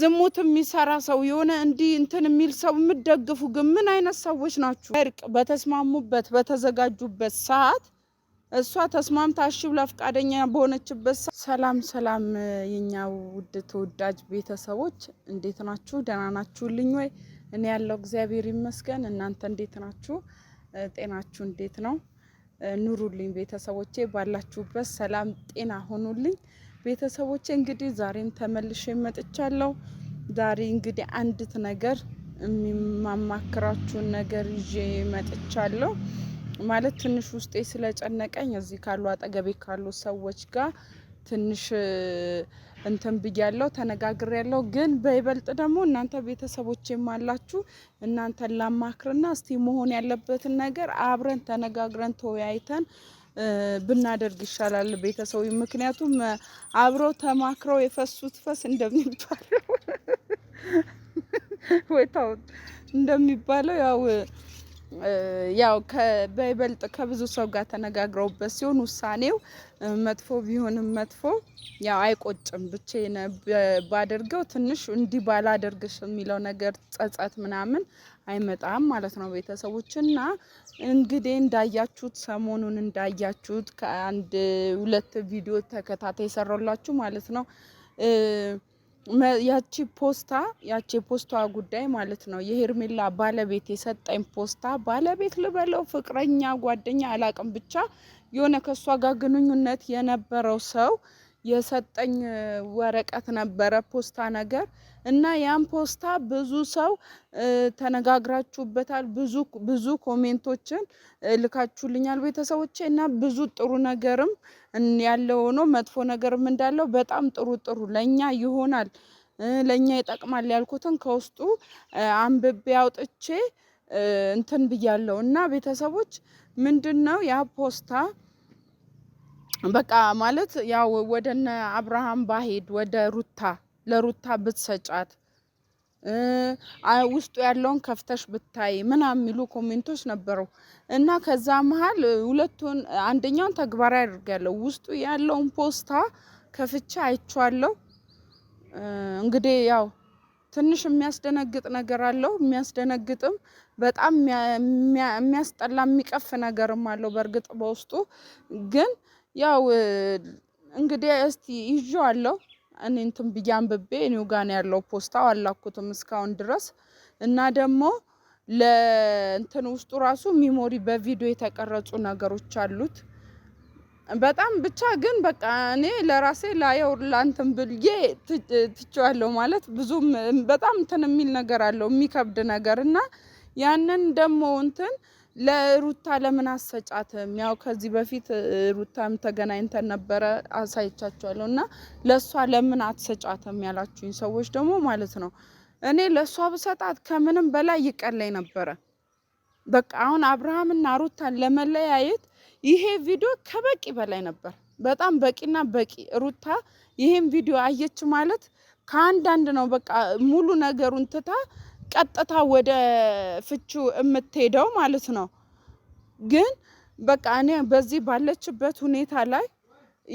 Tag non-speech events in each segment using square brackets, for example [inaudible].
ዝሙት የሚሰራ ሰው የሆነ እንዲህ እንትን የሚል ሰው የምደግፉ ግን ምን አይነት ሰዎች ናችሁ? እርቅ በተስማሙበት በተዘጋጁበት ሰዓት እሷ ተስማምታ እሺ ብላ ፈቃደኛ በሆነችበት ሰላም ሰላም፣ የኛ ውድ ተወዳጅ ቤተሰቦች እንዴት ናችሁ? ደህና ናችሁልኝ ወይ? እኔ ያለው እግዚአብሔር ይመስገን። እናንተ እንዴት ናችሁ? ጤናችሁ እንዴት ነው? ኑሩልኝ ቤተሰቦቼ፣ ባላችሁበት ሰላም ጤና ሆኑልኝ። ቤተሰቦቼ እንግዲህ ዛሬም ተመልሼ መጥቻለሁ። ዛሬ እንግዲህ አንዲት ነገር የሚማማክራችሁን ነገር ይዤ መጥቻለሁ። ማለት ትንሽ ውስጤ ስለጨነቀኝ እዚህ ካሉ አጠገቤ ካሉ ሰዎች ጋር ትንሽ እንትን ብያለሁ፣ ያለው ግን በይበልጥ ደግሞ እናንተ ቤተሰቦቼም አላችሁ እናንተን ላማክርና እስቲ መሆን ያለበትን ነገር አብረን ተነጋግረን ተወያይተን ብናደርግ ይሻላል ቤተሰቡ። ምክንያቱም አብረው ተማክረው የፈሱት ፈስ እንደሚባለው [laughs] ወይታው እንደሚባለው ያው ያው በይበልጥ ከብዙ ሰው ጋር ተነጋግረውበት ሲሆን ውሳኔው መጥፎ ቢሆንም መጥፎ ያው አይቆጭም። ብቻዬን ባደርገው ትንሽ እንዲህ ባላደርግሽ የሚለው ነገር ጸጸት ምናምን አይመጣም ማለት ነው። እና እንግዲህ እንዳያችሁት ሰሞኑን እንዳያችሁት ከአንድ ሁለት ቪዲዮ ተከታታይ የሰራላችሁ ማለት ነው ያቺ ፖስታ ያቺ ፖስታ ጉዳይ ማለት ነው የሄርሜላ ባለቤት የሰጠኝ ፖስታ ባለቤት ልበለው ፍቅረኛ፣ ጓደኛ አላቅም ብቻ የሆነ ከእሷ ጋር ግንኙነት የነበረው ሰው የሰጠኝ ወረቀት ነበረ ፖስታ ነገር እና ያን ፖስታ ብዙ ሰው ተነጋግራችሁበታል። ብዙ ብዙ ኮሜንቶችን ልካችሁልኛል ቤተሰቦቼ እና ብዙ ጥሩ ነገርም ያለው ሆኖ መጥፎ ነገርም እንዳለው በጣም ጥሩ ጥሩ ለእኛ ይሆናል ለእኛ ይጠቅማል ያልኩትን ከውስጡ አንብቤ አውጥቼ እንትን ብያለው እና ቤተሰቦች ምንድን ነው ያ ፖስታ በቃ ማለት ያው ወደነ አብርሃም ባሄድ ወደ ሩታ ለሩታ ብትሰጫት ውስጡ ያለውን ከፍተሽ ብታይ ምናምን የሚሉ ኮሜንቶች ነበሩ እና ከዛ መሀል ሁለቱን አንደኛውን ተግባራዊ አድርጋለሁ። ውስጡ ያለውን ፖስታ ከፍቼ አይቼዋለሁ። እንግዲህ ያው ትንሽ የሚያስደነግጥ ነገር አለው፣ የሚያስደነግጥም በጣም የሚያስጠላ የሚቀፍ ነገርም አለው በእርግጥ በውስጡ ግን ያው እንግዲህ እስቲ ይዤዋለሁ እኔ እንትን ብዬ አንብቤ እኔው ጋር ነው ያለው ፖስታው አላኩትም እስካሁን ድረስ እና ደግሞ ለእንትን ውስጡ ራሱ ሚሞሪ በቪዲዮ የተቀረጹ ነገሮች አሉት። በጣም ብቻ ግን በቃ እኔ ለራሴ ላየው ላንትን ብዬ ትቼዋለሁ ማለት ብዙም በጣም እንትን የሚል ነገር አለው የሚከብድ ነገር እና ያንን ደግሞ እንትን ለሩታ ለምን አሰጫትም? ያው ከዚህ በፊት ሩታም ተገናኝተን ነበረ አሳይቻቸዋለሁ። እና ለእሷ ለምን አትሰጫትም ያላችሁኝ ሰዎች ደግሞ ማለት ነው እኔ ለእሷ ብሰጣት ከምንም በላይ ይቀለኝ ነበረ። በቃ አሁን አብርሃምና ሩታን ለመለያየት ይሄ ቪዲዮ ከበቂ በላይ ነበር። በጣም በቂና በቂ። ሩታ ይሄን ቪዲዮ አየች ማለት ከአንዳንድ ነው በቃ ሙሉ ነገሩን ትታ ቀጥታ ወደ ፍቹ የምትሄደው ማለት ነው። ግን በቃ እኔ በዚህ ባለችበት ሁኔታ ላይ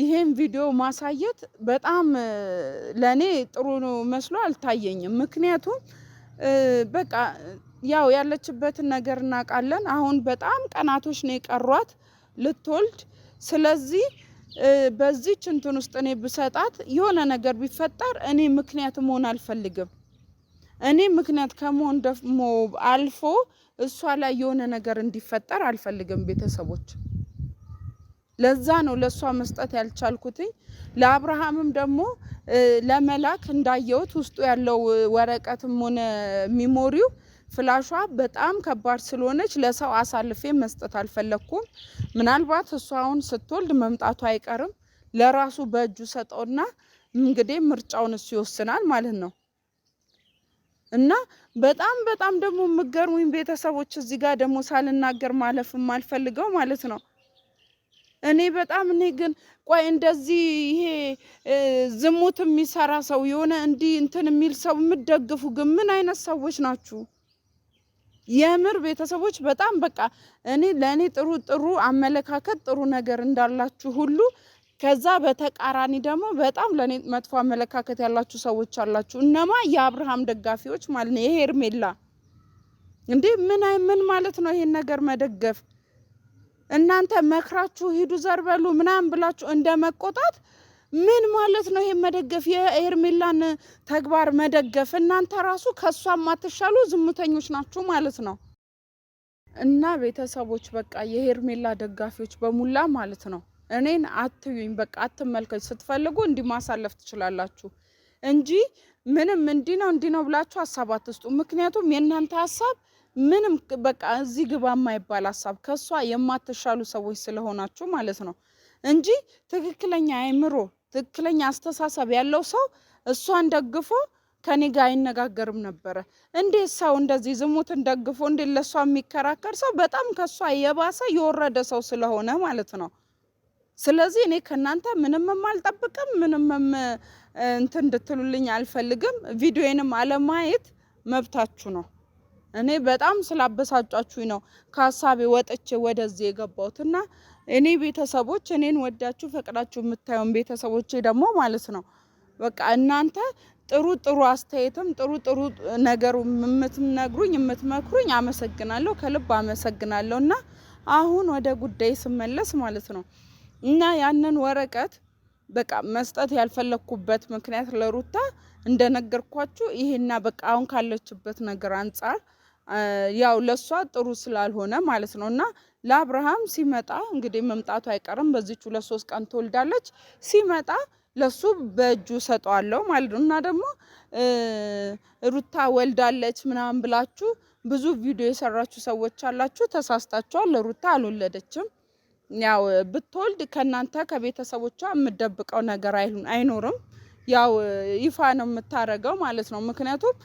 ይሄን ቪዲዮ ማሳየት በጣም ለእኔ ጥሩ መስሎ አልታየኝም። ምክንያቱም በቃ ያው ያለችበትን ነገር እናውቃለን። አሁን በጣም ቀናቶች ነው የቀሯት ልትወልድ። ስለዚህ በዚህ ችንትን ውስጥ እኔ ብሰጣት የሆነ ነገር ቢፈጠር እኔ ምክንያት መሆን አልፈልግም። እኔ ምክንያት ከመሆን ደግሞ አልፎ እሷ ላይ የሆነ ነገር እንዲፈጠር አልፈልግም። ቤተሰቦች ለዛ ነው ለእሷ መስጠት ያልቻልኩትኝ። ለአብርሃምም ደግሞ ለመላክ እንዳየሁት ውስጡ ያለው ወረቀትም ሆነ ሚሞሪው ፍላሿ በጣም ከባድ ስለሆነች ለሰው አሳልፌ መስጠት አልፈለግኩም። ምናልባት እሷ አሁን ስትወልድ መምጣቱ አይቀርም። ለራሱ በእጁ ሰጠውና እንግዲህ ምርጫውን እሱ ይወስናል ማለት ነው። እና በጣም በጣም ደግሞ የምገርሙኝ ቤተሰቦች እዚህ ጋር ደግሞ ሳልናገር ማለፍ የማልፈልገው ማለት ነው። እኔ በጣም እኔ ግን ቆይ እንደዚህ ይሄ ዝሙት የሚሰራ ሰው የሆነ እንዲህ እንትን የሚል ሰው የምደግፉ ግን ምን አይነት ሰዎች ናችሁ? የምር ቤተሰቦች በጣም በቃ እኔ ለእኔ ጥሩ ጥሩ አመለካከት ጥሩ ነገር እንዳላችሁ ሁሉ ከዛ በተቃራኒ ደግሞ በጣም ለእኔ መጥፎ አመለካከት ያላችሁ ሰዎች አላችሁ። እነማ የአብርሃም ደጋፊዎች ማለት ነው። የሄርሜላ እንዴ ምን ምን ማለት ነው ይሄን ነገር መደገፍ? እናንተ መክራችሁ ሂዱ ዘርበሉ ምናምን ብላችሁ እንደ መቆጣት ምን ማለት ነው ይሄን መደገፍ? የሄርሜላን ተግባር መደገፍ እናንተ ራሱ ከእሷ ማትሻሉ ዝሙተኞች ናችሁ ማለት ነው። እና ቤተሰቦች በቃ የሄርሜላ ደጋፊዎች በሙላ ማለት ነው እኔን አትዩኝ፣ በቃ አትመልከች። ስትፈልጉ እንዲህ ማሳለፍ ትችላላችሁ እንጂ ምንም እንዲህ ነው እንዲህ ነው ብላችሁ ሀሳብ አትስጡ። ምክንያቱም የእናንተ ሀሳብ ምንም በቃ እዚህ ግባ የማይባል ሀሳብ ከእሷ የማትሻሉ ሰዎች ስለሆናችሁ ማለት ነው እንጂ ትክክለኛ አይምሮ ትክክለኛ አስተሳሰብ ያለው ሰው እሷን ደግፎ ከኔ ጋር አይነጋገርም ነበረ። እንዴት ሰው እንደዚህ ዝሙትን ደግፎ እንዴት ለእሷ የሚከራከር ሰው በጣም ከእሷ የባሰ የወረደ ሰው ስለሆነ ማለት ነው። ስለዚህ እኔ ከእናንተ ምንምም አልጠብቅም፣ ምንምም እንትን እንድትሉልኝ አልፈልግም። ቪዲዮዬንም አለማየት መብታችሁ ነው። እኔ በጣም ስላበሳጫችሁኝ ነው ከሀሳቤ ወጥቼ ወደዚህ የገባሁት እና እኔ ቤተሰቦች እኔን ወዳችሁ ፈቅዳችሁ የምታዩን ቤተሰቦቼ ደግሞ ማለት ነው በቃ እናንተ ጥሩ ጥሩ አስተያየትም ጥሩ ጥሩ ነገሩ የምትነግሩኝ የምትመክሩኝ አመሰግናለሁ፣ ከልብ አመሰግናለሁ። እና አሁን ወደ ጉዳይ ስመለስ ማለት ነው እና ያንን ወረቀት በቃ መስጠት ያልፈለግኩበት ምክንያት ለሩታ እንደነገርኳችሁ ይሄና በቃ አሁን ካለችበት ነገር አንጻር ያው ለእሷ ጥሩ ስላልሆነ ማለት ነው። እና ለአብርሃም ሲመጣ እንግዲህ መምጣቱ አይቀርም በዚች ሁለት ሶስት ቀን ትወልዳለች። ሲመጣ ለሱ በእጁ ሰጠዋለሁ ማለት ነው። እና ደግሞ ሩታ ወልዳለች ምናምን ብላችሁ ብዙ ቪዲዮ የሰራችሁ ሰዎች አላችሁ፣ ተሳስታችኋል። ለሩታ አልወለደችም። ያው ብትወልድ ከእናንተ ከቤተሰቦቿ የምደብቀው ነገር አይኖርም። ያው ይፋ ነው የምታረገው ማለት ነው። ምክንያቱም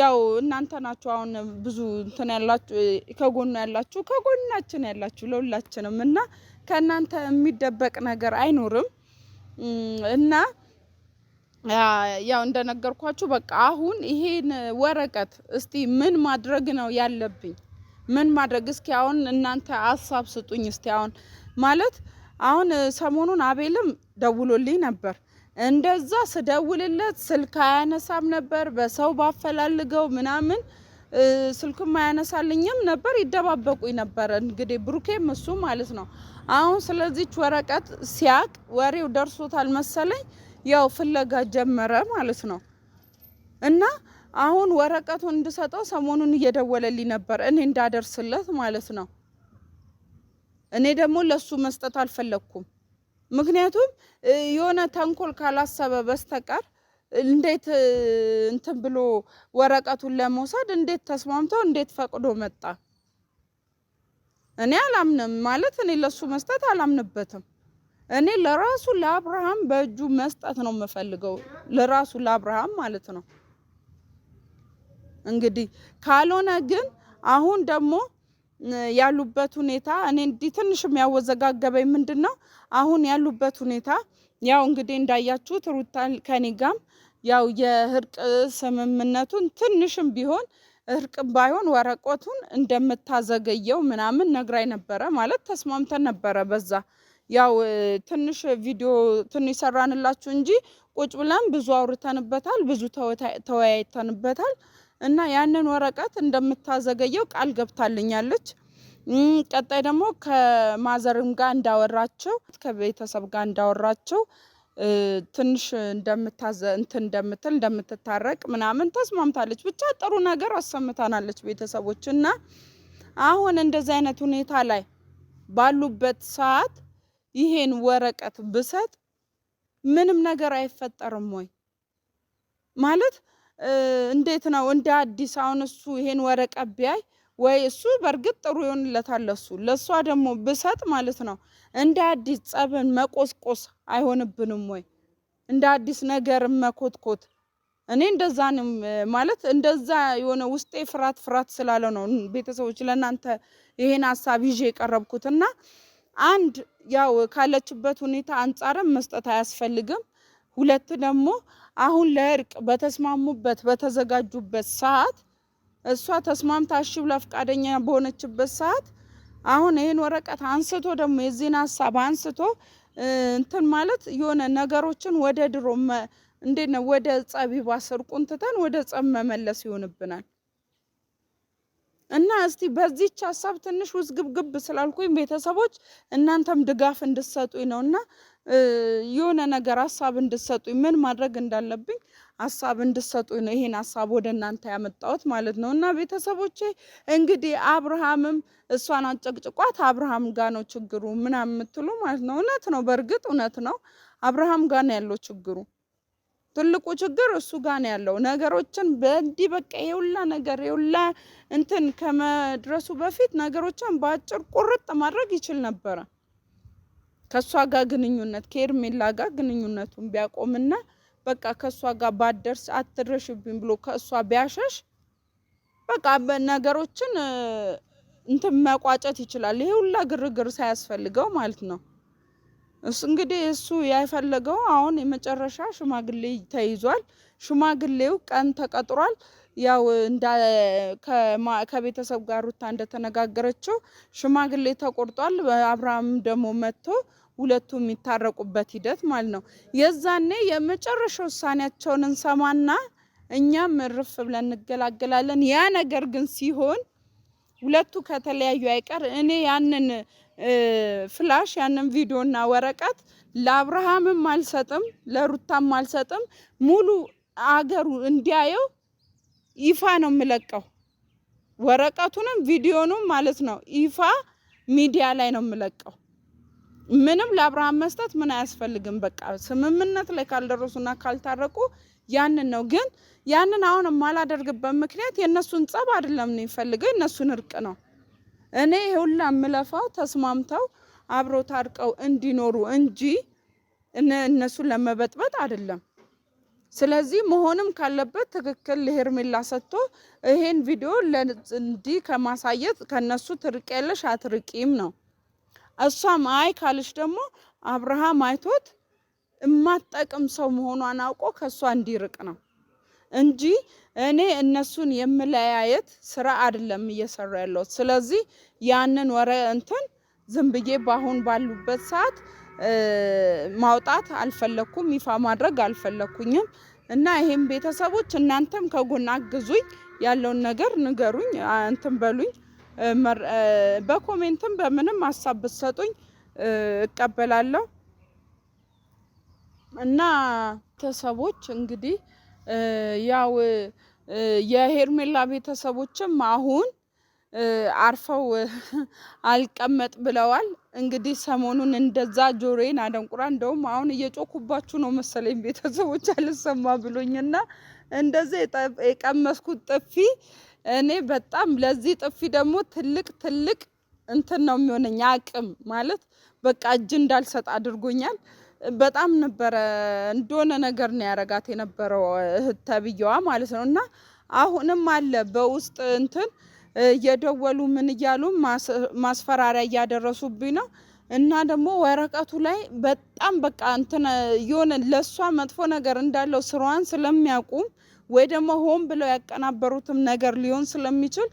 ያው እናንተ ናችሁ አሁን ብዙ እንትን ያላችሁ ከጎኑ ያላችሁ ከጎናችን ያላችሁ ለሁላችንም እና ከእናንተ የሚደበቅ ነገር አይኖርም እና ያው እንደነገርኳችሁ በቃ አሁን ይሄን ወረቀት እስቲ ምን ማድረግ ነው ያለብኝ ምን ማድረግ እስኪ አሁን እናንተ ሀሳብ ስጡኝ እስቲ። አሁን ማለት አሁን ሰሞኑን አቤልም ደውሎልኝ ነበር። እንደዛ ስደውልለት ስልክ አያነሳም ነበር። በሰው ባፈላልገው ምናምን ስልኩም አያነሳልኝም ነበር። ይደባበቁኝ ነበር እንግዲህ ብሩኬም እሱ ማለት ነው። አሁን ስለዚች ወረቀት ሲያቅ ወሬው ደርሶታል መሰለኝ ያው ፍለጋ ጀመረ ማለት ነው እና አሁን ወረቀቱን እንድሰጠው ሰሞኑን እየደወለልኝ ነበር፣ እኔ እንዳደርስለት ማለት ነው። እኔ ደግሞ ለሱ መስጠት አልፈለግኩም። ምክንያቱም የሆነ ተንኮል ካላሰበ በስተቀር እንዴት እንትን ብሎ ወረቀቱን ለመውሰድ እንዴት ተስማምተው እንዴት ፈቅዶ መጣ? እኔ አላምንም ማለት እኔ ለሱ መስጠት አላምንበትም። እኔ ለራሱ ለአብርሃም በእጁ መስጠት ነው የምፈልገው፣ ለራሱ ለአብርሃም ማለት ነው። እንግዲህ ካልሆነ ግን አሁን ደግሞ ያሉበት ሁኔታ እኔ እንዲህ ትንሽ የሚያወዘጋገበኝ ምንድን ነው አሁን ያሉበት ሁኔታ ያው እንግዲህ እንዳያችሁት ሩታ ከኔ ጋም ያው የእርቅ ስምምነቱን ትንሽም ቢሆን እርቅ ባይሆን ወረቀቱን እንደምታዘገየው ምናምን ነግራኝ ነበረ። ማለት ተስማምተን ነበረ። በዛ ያው ትንሽ ቪዲዮ ትንሽ ሰራንላችሁ እንጂ ቁጭ ብለን ብዙ አውርተንበታል፣ ብዙ ተወያይተንበታል። እና ያንን ወረቀት እንደምታዘገየው ቃል ገብታልኛለች። ቀጣይ ደግሞ ከማዘርም ጋር እንዳወራቸው ከቤተሰብ ጋር እንዳወራቸው ትንሽ እንደምታዘ እንትን እንደምትል እንደምትታረቅ ምናምን ተስማምታለች። ብቻ ጥሩ ነገር አሰምታናለች ቤተሰቦች እና አሁን እንደዚህ አይነት ሁኔታ ላይ ባሉበት ሰዓት ይሄን ወረቀት ብሰጥ ምንም ነገር አይፈጠርም ወይ ማለት እንዴት ነው እንደ አዲስ አሁን እሱ ይሄን ወረቀት ቢያይ ወይ እሱ በእርግጥ ጥሩ ይሆንለታል ለሱ ለእሷ ደግሞ ብሰጥ ማለት ነው እንደ አዲስ ጸብን መቆስቆስ አይሆንብንም ወይ እንደ አዲስ ነገር መኮትኮት እኔ እንደዛ ነው ማለት እንደዛ የሆነ ውስጤ ፍርሃት ፍርሃት ስላለ ነው ቤተሰቦች ለእናንተ ይሄን ሀሳብ ይዤ የቀረብኩትና አንድ ያው ካለችበት ሁኔታ አንጻርም መስጠት አያስፈልግም ሁለት ደግሞ አሁን ለእርቅ በተስማሙበት በተዘጋጁበት ሰዓት እሷ ተስማምታ እሺ ብላ ፈቃደኛ በሆነችበት ሰዓት አሁን ይህን ወረቀት አንስቶ ደግሞ የዚህን ሀሳብ አንስቶ እንትን ማለት የሆነ ነገሮችን ወደ ድሮ እንዴት ነው ወደ ጸቢባ ስርቁን ትተን ወደ ጸብ መመለስ ይሆንብናል። እና እስቲ በዚች ሀሳብ ትንሽ ውዝግብግብ ስላልኩኝ ቤተሰቦች እናንተም ድጋፍ እንድሰጡኝ ነው እና የሆነ ነገር ሀሳብ እንድሰጡ ምን ማድረግ እንዳለብኝ ሀሳብ እንድሰጡ ነው ይሄን ሀሳብ ወደ እናንተ ያመጣሁት ማለት ነው። እና ቤተሰቦቼ እንግዲህ አብርሃምም እሷን አጨቅጭቋት አብርሃም ጋ ነው ችግሩ ምናምን የምትሉ ማለት ነው። እውነት ነው፣ በእርግጥ እውነት ነው። አብርሃም ጋ ነው ያለው ችግሩ። ትልቁ ችግር እሱ ጋ ነው ያለው። ነገሮችን በእንዲህ በቃ የውላ ነገር የውላ እንትን ከመድረሱ በፊት ነገሮችን በአጭር ቁርጥ ማድረግ ይችል ነበረ። ከእሷ ጋር ግንኙነት ከኤርሜላ ጋር ግንኙነቱን ቢያቆምና በቃ ከእሷ ጋር ባደርስ አትረሽብኝ ብሎ ከእሷ ቢያሸሽ በቃ ነገሮችን እንትን መቋጨት ይችላል። ይሄ ሁላ ግርግር ሳያስፈልገው ማለት ነው። እሱ እንግዲህ እሱ ያይፈለገው አሁን የመጨረሻ ሽማግሌ ተይዟል። ሽማግሌው ቀን ተቀጥሯል። ያው ከቤተሰብ ጋር ሩታ እንደተነጋገረችው ሽማግሌ ተቆርጧል። አብርሃም ደግሞ መጥቶ ሁለቱ የሚታረቁበት ሂደት ማለት ነው። የዛኔ የመጨረሻ ውሳኔያቸውን እንሰማና እኛም እርፍ ብለን እንገላገላለን። ያ ነገር ግን ሲሆን ሁለቱ ከተለያዩ አይቀር እኔ ያንን ፍላሽ ያንን ቪዲዮና ወረቀት ለአብርሃምም አልሰጥም፣ ለሩታም አልሰጥም። ሙሉ አገሩ እንዲያየው ይፋ ነው የምለቀው ወረቀቱንም ቪዲዮኑም ማለት ነው። ይፋ ሚዲያ ላይ ነው የምለቀው። ምንም ለአብርሃም መስጠት ምን አያስፈልግም። በቃ ስምምነት ላይ ካልደረሱና ካልታረቁ ያንን ነው። ግን ያንን አሁን የማላደርግበት ምክንያት የእነሱን ጸብ አይደለም ነው የሚፈልገው፣ የእነሱን እርቅ ነው። እኔ ሁላ የምለፋው ተስማምተው አብሮ ታርቀው እንዲኖሩ እንጂ እነሱን ለመበጥበጥ አይደለም። ስለዚህ መሆንም ካለበት ትክክል ለሄርሜላ ሰጥቶ ይሄን ቪዲዮ እንዲህ ከማሳየት ከነሱ ትርቅ ያለሽ አትርቂም ነው እሷም አይ ካለች ደግሞ አብርሃም አይቶት እማትጠቅም ሰው መሆኗን አውቆ ከእሷ እንዲርቅ ነው እንጂ እኔ እነሱን የምለያየት ስራ አይደለም እየሰራ ያለሁት። ስለዚህ ያንን ወረ እንትን ዝም ብዬ በአሁን ባሉበት ሰዓት ማውጣት አልፈለግኩም፣ ይፋ ማድረግ አልፈለግኩኝም። እና ይሄም ቤተሰቦች እናንተም ከጎን አግዙኝ፣ ያለውን ነገር ንገሩኝ፣ እንትን በሉኝ። በኮሜንትም በምንም ሀሳብ ብትሰጡኝ እቀበላለሁ። እና ቤተሰቦች እንግዲህ ያው የሄርሜላ ቤተሰቦችም አሁን አርፈው [laughs] አልቀመጥ ብለዋል። እንግዲህ ሰሞኑን እንደዛ ጆሮዬን አደንቁራ እንደውም አሁን እየጮኩባችሁ ነው መሰለኝ ቤተሰቦች አልሰማ ብሎኝና እንደዛ የቀመስኩት ጥፊ እኔ በጣም ለዚህ ጥፊ ደግሞ ትልቅ ትልቅ እንትን ነው የሚሆነኝ አቅም ማለት በቃ እጅ እንዳልሰጥ አድርጎኛል። በጣም ነበረ እንደሆነ ነገር ነው ያረጋት የነበረው እህት ተብዬዋ ማለት ነው። እና አሁንም አለ በውስጥ እንትን እየደወሉ ምን እያሉ ማስፈራሪያ እያደረሱብኝ ነው። እና ደግሞ ወረቀቱ ላይ በጣም በቃ እንትን የሆነ ለእሷ መጥፎ ነገር እንዳለው ስሯን ስለሚያውቁም ወይ ደግሞ ሆን ብለው ያቀናበሩትም ነገር ሊሆን ስለሚችል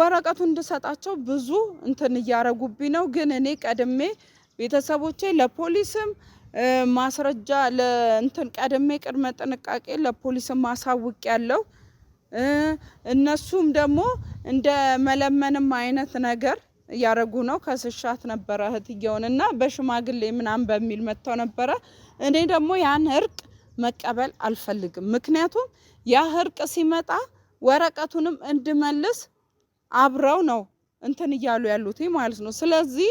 ወረቀቱ እንድሰጣቸው ብዙ እንትን እያረጉብኝ ነው። ግን እኔ ቀድሜ ቤተሰቦቼ ለፖሊስም ማስረጃ ለእንትን ቀድሜ ቅድመ ጥንቃቄ ለፖሊስም ማሳውቅ ያለው እነሱም ደግሞ እንደ መለመንም አይነት ነገር እያደረጉ ነው። ከስሻት ነበረ እህትየውን እና በሽማግሌ ምናምን በሚል መጥተው ነበረ። እኔ ደግሞ ያን እርቅ መቀበል አልፈልግም። ምክንያቱም ያ እርቅ ሲመጣ ወረቀቱንም እንድመልስ አብረው ነው እንትን እያሉ ያሉት ማለት ነው። ስለዚህ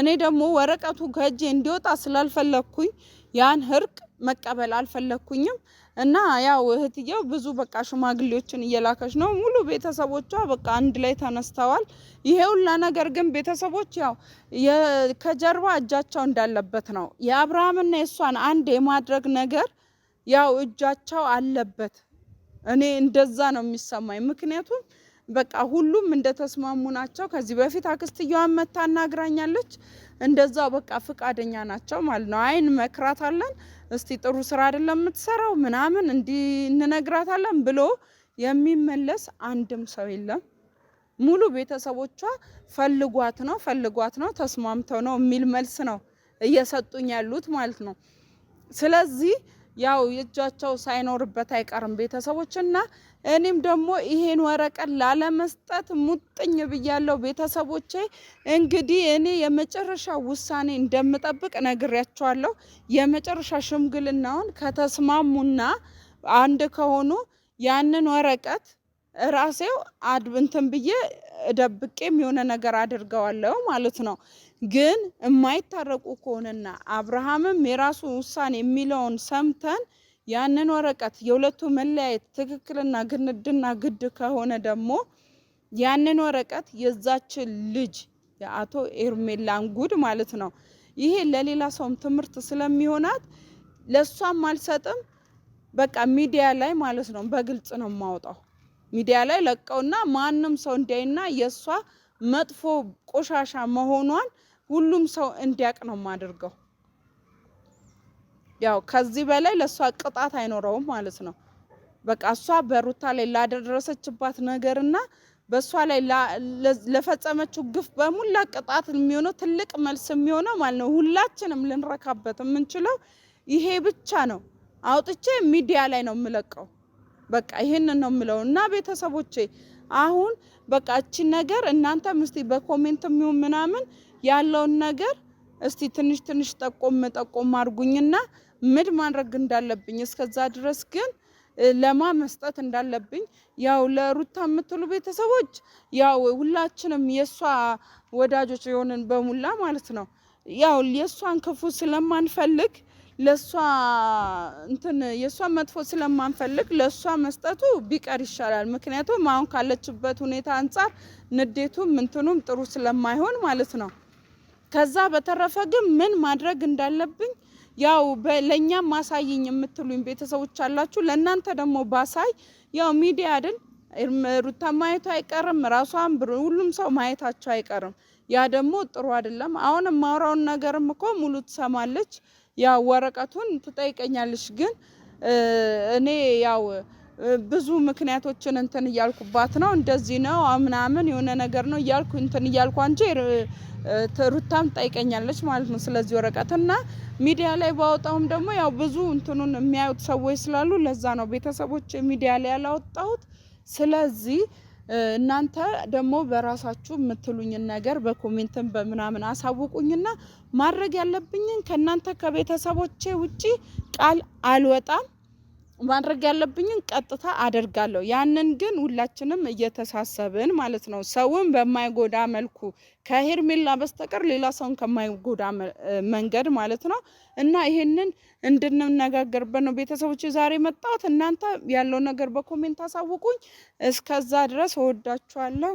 እኔ ደግሞ ወረቀቱ ከእጄ እንዲወጣ ስላልፈለግኩኝ ያን እርቅ መቀበል አልፈለግኩኝም እና ያው እህትየው ብዙ በቃ ሽማግሌዎችን እየላከች ነው። ሙሉ ቤተሰቦቿ በቃ አንድ ላይ ተነስተዋል። ይሄ ሁላ ነገር ግን ቤተሰቦች ያው ከጀርባ እጃቸው እንዳለበት ነው የአብርሃምና የእሷን አንድ የማድረግ ነገር ያው እጃቸው አለበት። እኔ እንደዛ ነው የሚሰማኝ። ምክንያቱም በቃ ሁሉም እንደተስማሙ ናቸው። ከዚህ በፊት አክስትየዋን መታ እናግራኛለች። እንደዛው በቃ ፍቃደኛ ናቸው ማለት ነው። አይን መክራታለን፣ እስቲ ጥሩ ስራ አይደለም የምትሰራው ምናምን እንዲህ እንነግራታለን ብሎ የሚመለስ አንድም ሰው የለም። ሙሉ ቤተሰቦቿ ፈልጓት ነው ፈልጓት ነው ተስማምተው ነው የሚል መልስ ነው እየሰጡኝ ያሉት ማለት ነው። ስለዚህ ያው የእጃቸው ሳይኖርበት አይቀርም ቤተሰቦች እና እኔም ደግሞ ይሄን ወረቀት ላለመስጠት ሙጥኝ ብያለው ቤተሰቦቼ። እንግዲህ እኔ የመጨረሻ ውሳኔ እንደምጠብቅ ነግሬያቸዋለሁ። የመጨረሻ ሽምግልናውን ከተስማሙና አንድ ከሆኑ ያንን ወረቀት ራሴው አድብንትን ብዬ ደብቄም የሆነ ነገር አድርገዋለሁ ማለት ነው። ግን የማይታረቁ ከሆነና አብርሃምም የራሱ ውሳኔ የሚለውን ሰምተን ያንን ወረቀት የሁለቱ መለያየት ትክክልና ግንድና ግድ ከሆነ ደግሞ ያንን ወረቀት የዛችን ልጅ የአቶ ኤርሜላን ጉድ ማለት ነው። ይሄ ለሌላ ሰውም ትምህርት ስለሚሆናት ለእሷም አልሰጥም። በቃ ሚዲያ ላይ ማለት ነው በግልጽ ነው የማወጣው። ሚዲያ ላይ ለቀውና ማንም ሰው እንዲያይና የእሷ መጥፎ ቆሻሻ መሆኗን ሁሉም ሰው እንዲያቅ ነው የማደርገው። ያው ከዚህ በላይ ለእሷ ቅጣት አይኖረውም ማለት ነው። በቃ እሷ በሩታ ላይ ላደረሰችባት ነገርና በእሷ ላይ ለፈጸመችው ግፍ በሙላ ቅጣት የሚሆነው ትልቅ መልስ የሚሆነው ማለት ነው። ሁላችንም ልንረካበት የምንችለው ይሄ ብቻ ነው። አውጥቼ ሚዲያ ላይ ነው የምለቀው። በቃ ይሄንን ነው የምለው እና ቤተሰቦቼ አሁን በቃ እቺ ነገር እናንተም እስቲ በኮሜንት የሚሆን ምናምን ያለውን ነገር እስቲ ትንሽ ትንሽ ጠቆም ጠቆም አድርጉኝና ምን ማድረግ እንዳለብኝ እስከዛ ድረስ ግን ለማ መስጠት እንዳለብኝ ያው ለሩታ የምትሉ ቤተሰቦች ያው ሁላችንም የእሷ ወዳጆች የሆንን በሙላ ማለት ነው ያው የእሷን ክፉ ስለማንፈልግ ለሷ እንትን የሷ መጥፎ ስለማንፈልግ ለሷ መስጠቱ ቢቀር ይሻላል። ምክንያቱም አሁን ካለችበት ሁኔታ አንጻር ንዴቱም እንትኑም ጥሩ ስለማይሆን ማለት ነው። ከዛ በተረፈ ግን ምን ማድረግ እንዳለብኝ ያው ለእኛም ማሳይኝ የምትሉኝ ቤተሰቦች አላችሁ። ለእናንተ ደግሞ ባሳይ ያው ሚዲያ አይደል ሩታ ማየቱ አይቀርም፣ ራሷም ሁሉም ሰው ማየታቸው አይቀርም። ያ ደግሞ ጥሩ አይደለም። አሁን ማውራውን ነገርም እኮ ሙሉ ትሰማለች። ያው ወረቀቱን ትጠይቀኛለሽ፣ ግን እኔ ያው ብዙ ምክንያቶችን እንትን እያልኩባት ነው። እንደዚህ ነው ምናምን የሆነ ነገር ነው እያልኩ እንትን እያልኩ እንጂ ሩታም ጠይቀኛለች ማለት ነው ስለዚህ ወረቀት እና ሚዲያ ላይ ባወጣውም ደግሞ ያው ብዙ እንትኑን የሚያዩት ሰዎች ስላሉ ለዛ ነው ቤተሰቦች ሚዲያ ላይ ያላወጣሁት። ስለዚህ እናንተ ደግሞ በራሳችሁ የምትሉኝን ነገር በኮሜንትን በምናምን አሳውቁኝና ማድረግ ያለብኝን ከእናንተ ከቤተሰቦቼ ውጪ ቃል አልወጣም። ማድረግ ያለብኝን ቀጥታ አደርጋለሁ። ያንን ግን ሁላችንም እየተሳሰብን ማለት ነው፣ ሰውን በማይጎዳ መልኩ ከሄርሜላ በስተቀር ሌላ ሰውን ከማይጎዳ መንገድ ማለት ነው። እና ይሄንን እንድንነጋገርበት ነው ቤተሰቦች ዛሬ መጣሁት። እናንተ ያለው ነገር በኮሜንት አሳውቁኝ። እስከዛ ድረስ እወዳችኋለሁ።